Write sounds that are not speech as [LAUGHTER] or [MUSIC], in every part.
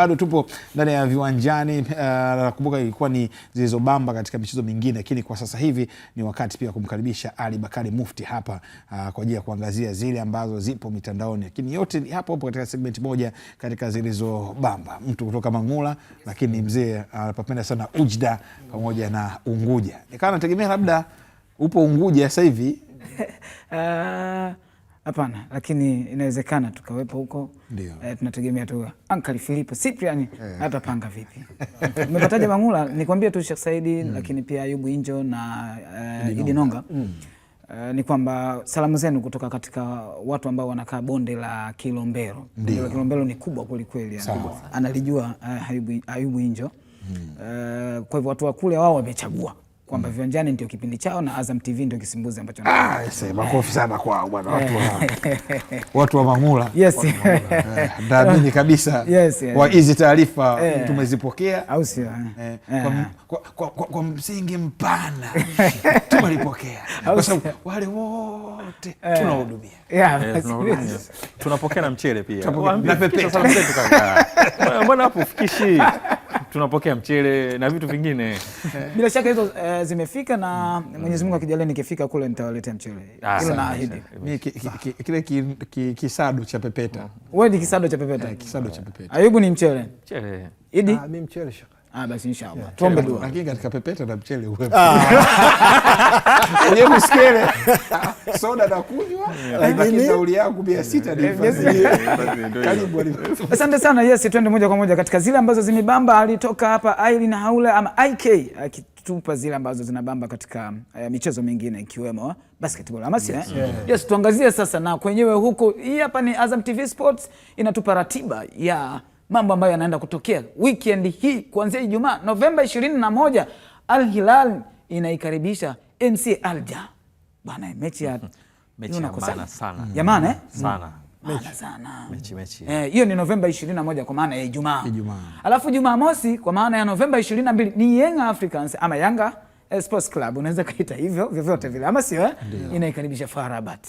Bado tupo ndani ya viwanjani. Eh, Nakumbuka uh, ilikuwa ni zilizobamba katika michezo mingine, lakini kwa sasa hivi ni wakati pia kumkaribisha Ali Bakari Mufti hapa uh, kwa ajili ya kuangazia zile ambazo zipo mitandaoni, lakini yote ni hapo hapo katika segment moja katika zilizobamba, mtu kutoka Mang'ula, lakini mzee eh, anapapenda uh, sana Ujda pamoja na Unguja. Nikawa nategemea labda upo Unguja sasa hivi uh... [LAUGHS] Hapana, lakini inawezekana tukawepo huko. E, tunategemea tu Ankali Filipo Cyprian yeah. Atapanga vipi? Umepataje Mangula? Nikwambie tu Sheikh Saidi mm. lakini pia Ayubu Injo na uh, Idi Nonga mm. Uh, ni kwamba salamu zenu kutoka katika watu ambao wanakaa bonde la Kilombero. Bonde la Kilombero ni kubwa kwelikweli, analijua uh, Ayubu, Ayubu Injo mm. uh, kwa hivyo watu wa kule wao wamechagua kwamba viwanjani ndio kipindi chao na Azam TV ndio kisimbuzi ambacho ah, makofi sana kwao bwana, watu wa [LAUGHS] watu wa mamula yes. Eh, kabisa yes, yes. Kwa hizi taarifa eh. tumezipokea, au sio? Eh, kwa, kwa, kwa, kwa msingi mpana [LAUGHS] tumelipokea kwa sababu wale wote tunahudumia, tunapokea na mchele pia na pepe, [LAUGHS] mbona hapo ufikishi tunapokea mchele na vitu vingine [LAUGHS] bila shaka hizo uh, zimefika na Mwenyezi Mungu akijalia nikifika kule nitawaletea mchele ah, hilo naahidi. [LAUGHS] Kile kisado cha pepeta, wewe ni kisado cha pepeta, eh, kisado cha pepeta. Ayubu ni mchele, mchele idi ah, mimi mchele shaka Ah, basi inshallah. Yeah. Tuombe dua. Lakini katika pepeta na mchele uwepo. Ah. [LAUGHS] Yeye muskele soda nakunywa eh. lakini nauli yangu mia sita eh, eh, karibu. Asante sana. Yes, twende moja kwa moja katika zile ambazo zimebamba. Alitoka hapa Aileen Haula ama IK akitupa zile ambazo zinabamba katika uh, michezo mingine ikiwemo basketball ama si? Yes, yeah. Yes, tuangazie sasa na kwenyewe huku. Hii hapa ni Azam TV Sports inatupa ratiba ya mambo ambayo yanaenda kutokea weekend hii kuanzia Ijumaa Novemba 21 Al Hilal inaikaribisha MC Alja bana, mechi ya [LAUGHS] mechi ya maana sana ya maana eh sana mm. mm. mechi sana mechi mechi eh, hiyo ni Novemba 21 kwa maana ya Ijumaa. Ijumaa alafu Jumamosi kwa maana ya Novemba 22 ni Yanga Africans ama Yanga Sports Club, unaweza kaita hivyo vyovyote vile, ama sio eh, inaikaribisha FAR Rabat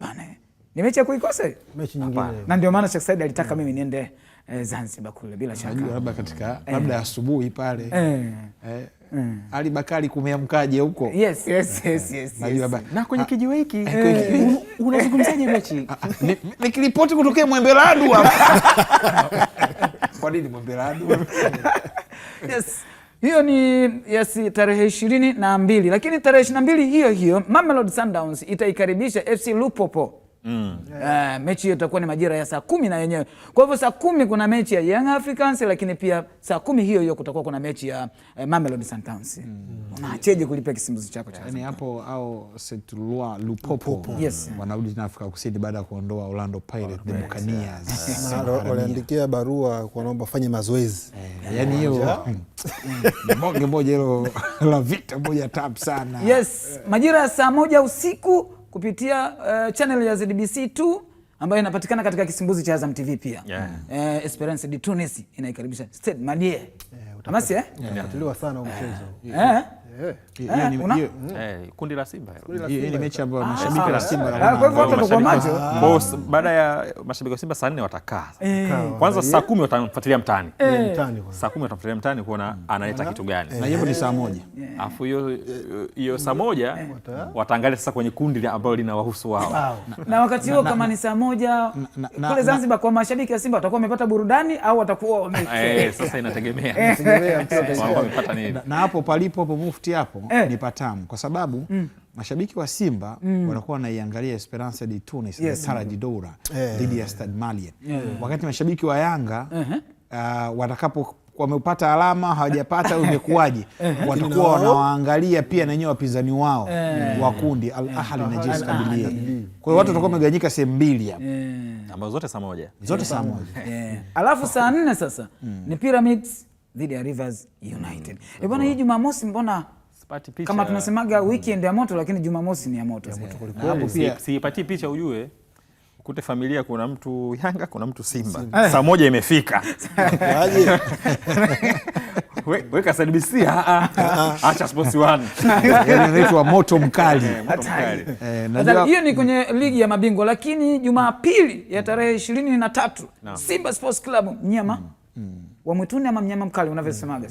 bana, eh? ni mechi ya kuikosa mechi nyingine, na ndio maana Sheikh Said alitaka mimi niende eh, Zanzibar kule bila shaka, labda katika eh. labda asubuhi pale eh mm. Ali Bakari kumeamkaje huko? yes, yes, yes, yes, [LAUGHS] yes. Na kwenye ah. kijiwe hiki eh, eh. unazungumzaje mechi? Ah, ah, nikiripoti kutokea Mwembeladu hapa. [LAUGHS] Kwa nini Mwembeladu? [LAUGHS] Yes. Hiyo ni yes, tarehe ishirini na mbili lakini tarehe ishirini na mbili hiyo hiyo Mamelodi Sundowns itaikaribisha FC Lupopo Mm. Uh, mechi hiyo itakuwa ni majira ya saa kumi na yenyewe. Kwa hivyo saa kumi kuna mechi ya Young Africans, lakini pia saa kumi hiyo hiyo kutakuwa kuna mechi ya eh, Mamelodi Sundowns. Unacheje mm. kulipia kisimbuzi chako cha yani hapo au St Eloi Lupopo wanarudi tena Afrika Kusini baada ya kuondoa Orlando Pirates the Buccaneers. Ah. Ah, waliandikia barua kuomba fanye mazoezi. Eh, yaani hiyo [LAUGHS] bonge moja hilo [LAUGHS] la vita moja tabu sana. Yes, majira ya saa moja usiku kupitia uh, channel ya ZBC2 ambayo inapatikana katika kisimbuzi cha Azam TV pia yeah. Eh, Esperance de Tunis inaikaribisha Stade Malien. Yeah, Amasi eh? Yeah. Yeah. Yeah. sana mchezo. Yeah. Yeah. Eh, eh, eh, kundi la Simba ni mechi ambayo ah, mashabiki wa Simba ah, baada ya mashabiki wa Simba saa nne watakaa kwanza, saa kumi watamfuatilia mtaani, saa kumi watamfuatilia mtaani kuona mm. analeta kitu gani, na hiyo ni saa moja. Alafu hiyo saa moja wataangalia sasa kwenye kundi lina linawahusu wao, na wakati huo kama ni saa moja kule Zanzibar, kwa mashabiki wa Simba watakuwa wamepata burudani au watakuwa sasa, inategemea [LAUGHS] wamepata nini na hapo palipo hapo left hapo eh, ni patamu kwa sababu mm. mashabiki wa Simba mm. wanakuwa wanaiangalia Esperance de Tunis yes. na Sara de Doura eh. dhidi eh. ya Stade Malien eh. wakati mashabiki wa Yanga uh -huh. uh, watakapo wamepata alama hawajapata, umekuwaje? [LAUGHS] Eh. watakuwa wanawaangalia pia na nanyewe wapinzani wao eh. wa kundi Al Ahli na JS Kabylie. Kwa hiyo watu watakuwa wamegawanyika sehemu mbili hapo ambazo zote saa moja, zote saa moja, alafu saa nne sasa mm. ni Pyramids dhidi ya Rivers United. Mm. Eh, bwana hii Jumamosi mbona Picha, kama tunasemaga weekend ya moto lakini Jumamosi ni ya moto. Eh, Siipati picha ujue ukute familia kuna mtu Yanga kuna mtu Simba, Simba. Saa eh. moja imefika [LAUGHS] weka SBC ah, ah, ah, acha Sports One inaitwa yaani moto mkali. Hiyo ni kwenye ligi ya mabingwa, lakini Jumapili ya tarehe ishirini na tatu Simba Sports Club mnyama mm. mm wa mwituni ama mnyama mkali unavyosemaga.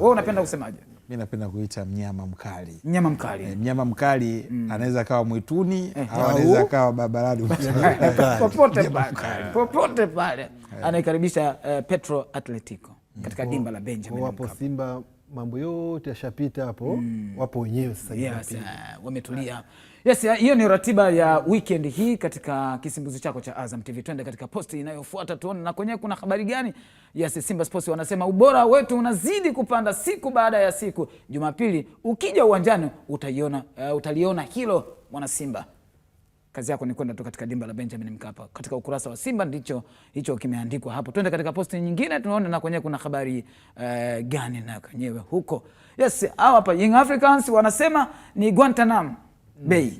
Wewe unapenda kusemaje? Mimi napenda kuita mnyama mkali. Mnyama mkali. E, mnyama mkali mm. anaweza kawa mwituni eh, au anaweza kawa barabarani [LAUGHS] popote pale. Popote eh. pale. Anaikaribisha uh, eh, Petro Atletico mm. katika dimba la Benjamin. Wapo Simba mambo yote yashapita hapo. Mm. Wapo wenyewe sasa. Yes, uh, wametulia. Yes, hiyo ni ratiba ya weekend hii katika kisimbuzi chako cha Azam TV. Twende katika posti inayofuata tuone na kwenyewe kuna habari gani? Yes, Simba Sports wanasema ubora wetu unazidi kupanda siku baada ya siku. Jumapili ukija uwanjani utaiona, uh, utaliona hilo mwana Simba. Kazi yako ni kwenda tu katika dimba la Benjamin Mkapa. Katika ukurasa wa Simba ndicho hicho kimeandikwa hapo. Twende katika posti nyingine tunaona na kwenyewe kuna habari uh, gani na kwenyewe huko. Yes, hawa hapa Young Africans wanasema ni Guantanamo bei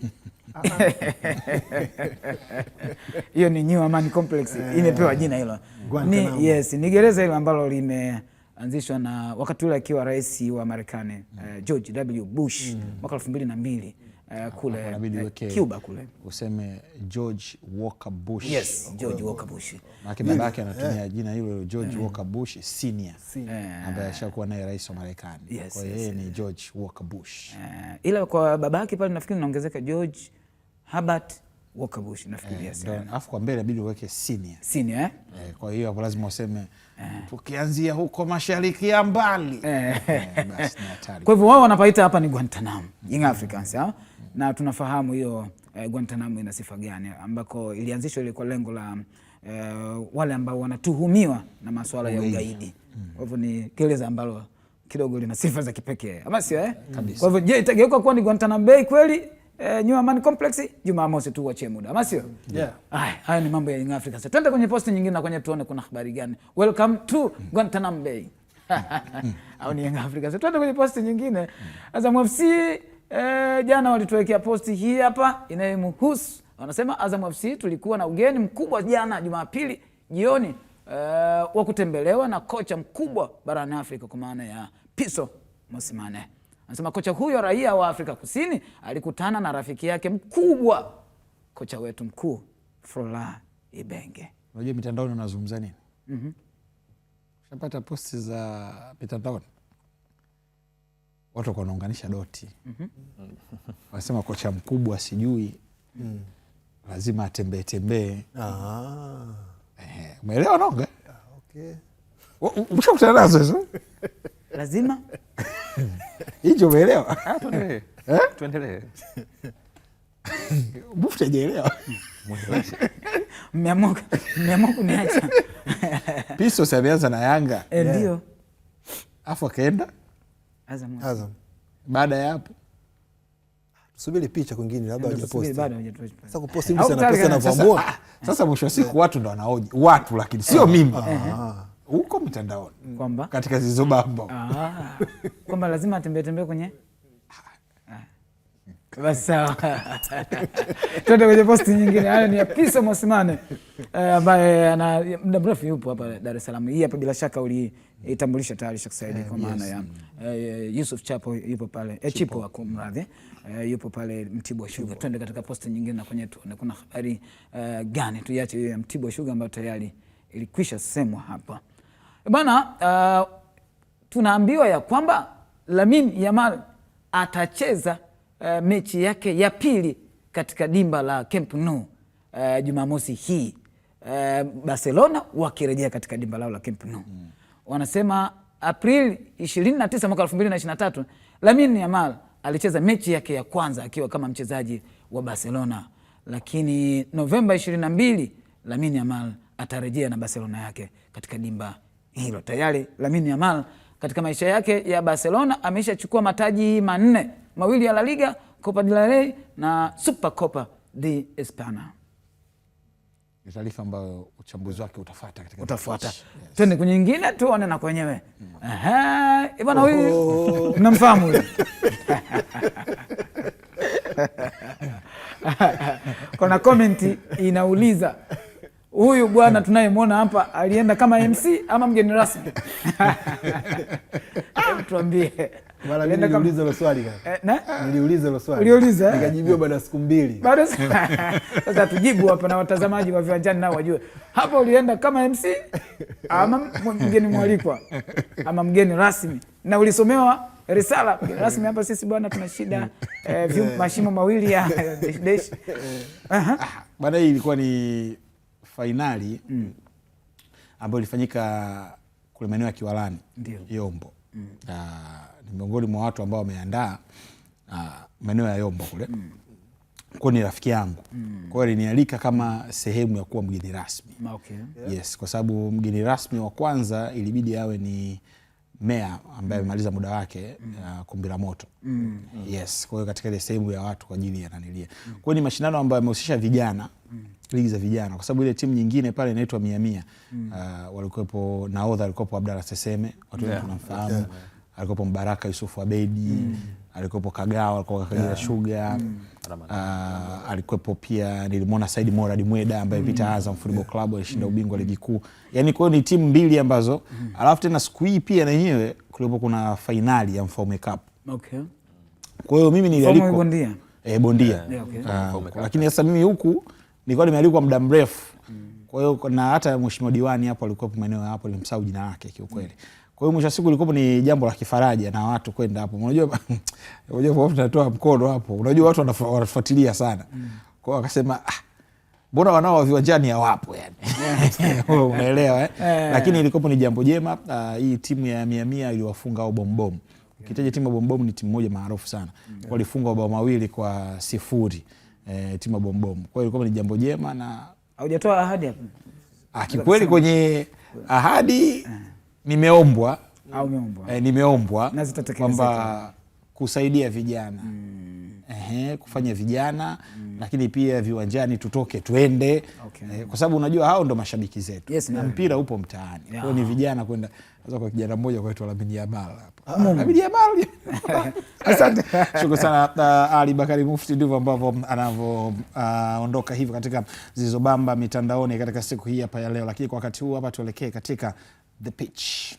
hiyo ni New Amani Complex eh. imepewa jina hilo. Ni, yes, ni gereza hilo ambalo limeanzishwa na wakati ule akiwa rais wa Marekani mm. uh, George W. Bush mm. mwaka elfu mbili na mbili mm. Eh, ah, kule eh, Cuba kule useme George Walker Bush. Yes, George Walker Bush. Maana baba yake anatumia eh. jina hilo George Walker Bush senior ambaye ashakuwa naye rais wa Marekani. Kwa hiyo yeye ni George Walker Bush. Ila kwa baba yake pale nafikiri naongezeka George Herbert Walker Bush nafikiria sana. Alafu kwa mbele inabidi uweke senior. Senior eh? Eh, kwa hiyo hapo lazima useme tukianzia huko mashariki ya mbali. Eh, basi ni hatari. Kwa hivyo wao wanapaita hapa ni Guantanamo, in Africans, ha? na tunafahamu hiyo eh, Guantanamo ina sifa gani, ambako ilianzishwa ile kwa lengo la eh, wale ambao wanatuhumiwa na masuala ya ugaidi. Kwa hivyo ni kieleza ambalo kidogo lina sifa za kipekee, ama sio eh? Kwa hivyo je, itageuka kuwa ni Guantanamo Bay kweli? Eh, New Amani Complex Jumamosi tu uachie muda, ama sio? Yeah. Haya ni mambo ya Young Africa. Sasa twende kwenye posti nyingine na kwenye tuone kuna habari gani. Welcome to Guantanamo Bay. [LAUGHS] Au ni Young Africa. Sasa twende kwenye posti nyingine. Azam FC E, jana walituwekea posti hii hapa inayomhusu wanasema, Azam FC tulikuwa na ugeni mkubwa jana Jumapili jioni e, wa kutembelewa na kocha mkubwa barani Afrika kwa maana ya Piso Mosimane. Anasema kocha huyo raia wa Afrika Kusini alikutana na rafiki yake mkubwa kocha wetu mkuu Frola Ibenge. Unajua mitandaoni unazungumza nini? mm -hmm. Shapata posti za mitandaoni watu wakuwa wanaunganisha doti mm -hmm. wanasema kocha mkubwa sijui mm. lazima atembee tembee. Ah. umeelewa Nonga? Ah, mshakutana nazo hizo lazima [LAUGHS] hicho umeelewa? Ah, tuendelee. Eh? [LAUGHS] Bufta Mmeamua kuniacha. Pisos ameanza na Yanga eh, ndio, afu akaenda Azam. Azam. Baada ya hapo tusubiri picha kwingine, labda Sasa kuposti mtu ah, ah. Sasa mwisho wa siku watu ndo wanaoja watu, lakini sio mimi huko mitandaoni, katika Zilizobamba ah. kwamba lazima atembee tembee kwenye sawa, tuende kwenye posti nyingine. Hayo ni ya Pisa Mwasimane eh, ambaye uh, ana muda mrefu yupo hapa Dar es Salaam. Hii hapa bila shaka uliitambulisha tayari Sheikh kwa maana ya eh, Yusuf Chapo yupo pale eh, Chipo wa kumradhi uh, yupo pale Mtibwa Sugar. Tuende katika posti nyingine na kwenye tuone kuna habari uh, gani. Tuiache hiyo ya Mtibwa Sugar ambayo tayari ilikwisha semwa hapa bana. Uh, tunaambiwa ya kwamba Lamine Yamal atacheza uh, mechi yake ya pili katika dimba la Camp Nou uh, Jumamosi hii uh, Barcelona wakirejea katika dimba lao la Camp Nou mm. Wanasema Aprili 29 mwaka 2023 Lamine Yamal alicheza mechi yake ya kwanza akiwa kama mchezaji wa Barcelona, lakini Novemba 22 Lamine Yamal atarejea na Barcelona yake katika dimba hilo. Tayari Lamine Yamal katika maisha yake ya Barcelona ameshachukua mataji manne mawili ya La Liga, Copa del Rey na Super Copa de España. Ni taarifa ambayo uchambuzi wake utafuata katika utafuata. Yes. Twende kwenye nyingine tuone na kwenyewe. Mm. Bwana huyu namfahamu huyu. [LAUGHS] Kuna komenti inauliza huyu bwana tunayemwona hapa alienda kama MC ama mgeni rasmi? [LAUGHS] tuambie. [LAUGHS] Mara mimi niliuliza hilo swali eh, Niliuliza hilo swali. Uliuliza? Nikajibiwa baada ya siku mbili. Baada [LAUGHS] sasa tujibu hapa na watazamaji wa Viwanjani nao wajue. ulienda kama MC ama mgeni mwalikwa ama mgeni rasmi na ulisomewa risala rasmi hapa. Sisi bwana tuna shida eh, mashimo mawili ya bwana. [LAUGHS] Ah, hii ilikuwa ni fainali mm, ambayo ilifanyika kule maeneo ya Kiwalani Yombo mm. uh, ni miongoni mwa watu ambao wameandaa uh, maeneo ya Yombo kule mm. ni rafiki yangu mm. alinialika kama sehemu ya kuwa mgeni rasmi okay. yes, kwa sababu mgeni rasmi wa kwanza ilibidi awe ni meya ambaye mm. amemaliza mm. muda wake mm. uh, kumbi la moto mm. yes. Kwa hiyo katika ile sehemu ya watu kwa ajili ya nanilia mm. kwa hiyo ni mashindano ambayo yamehusisha vijana mm. ligi za vijana, kwa sababu ile timu nyingine pale inaitwa miamia mia mm. uh, walikuwepo nahodha alikuwepo Abdalla Seseme, watu wengi tunamfahamu yeah. alikuwepo Mbaraka Yusufu Abedi mm. alikuwepo Kagawa alikuwa Kagera yeah. Sugar mm Uh, alikuwepo pia nilimwona Said Morad Mweda ambaye mm. Vita mm. Azam Football yeah. Club alishinda mm. ubingwa ligi kuu, yaani kwa hiyo ni timu mbili ambazo mm. alafu tena siku hii pia na yenyewe kulipo kuna fainali ya Mfaume Cup okay. Kwa hiyo mimi nilialikwa bondia, eh, bondia. Yeah, okay. Uh, lakini sasa mimi huku nilikuwa nimealikwa muda mrefu mm. kwa hiyo na hata mheshimiwa diwani hapo alikuwa maeneo hapo, nilimsahau jina lake kiukweli mm. Kwa hiyo mwisho siku ilikuwa ni jambo la kifaraja na watu kwenda hapo. Unajua [LAUGHS] unajua tunatoa mkono hapo. Unajua watu wanafuatilia sana. Mm. Kwa hiyo akasema ah, mbona wanao wa viwanjani hawapo yani. Unaelewa [LAUGHS] eh? Lakini ilikuwa ni jambo jema. Uh, hii timu ya mia mia iliwafunga au bombom. Ukitaja timu ya bombom ni timu moja maarufu sana. Mm. Walifunga mabao mawili kwa sifuri. Eh, timu ya bombom. Kwa hiyo ilikuwa ni jambo jema na haujatoa ahadi hapo. Ah, kikweli kwenye ahadi eh nimeombwa au umeombwa? Eh, nimeombwa kwamba kusaidia vijana mm. Ehe, kufanya vijana mm. Lakini pia viwanjani tutoke twende, okay. Eh, kwa sababu unajua hao ndo mashabiki zetu yes, na mpira upo mtaani yeah. Kwa ni vijana kwenda sasa, kwa kijana mmoja kwaitwa Lamine Yamal hapo, ah, Lamine Yamal. [LAUGHS] Asante, shukrani sana uh, Ali Bakari Mufti. Ndivyo ambavyo um, anavyoondoka uh, hivyo katika Zilizobamba mitandaoni katika siku hii hapa ya leo, lakini kwa wakati huu hapa tuelekee katika the pitch.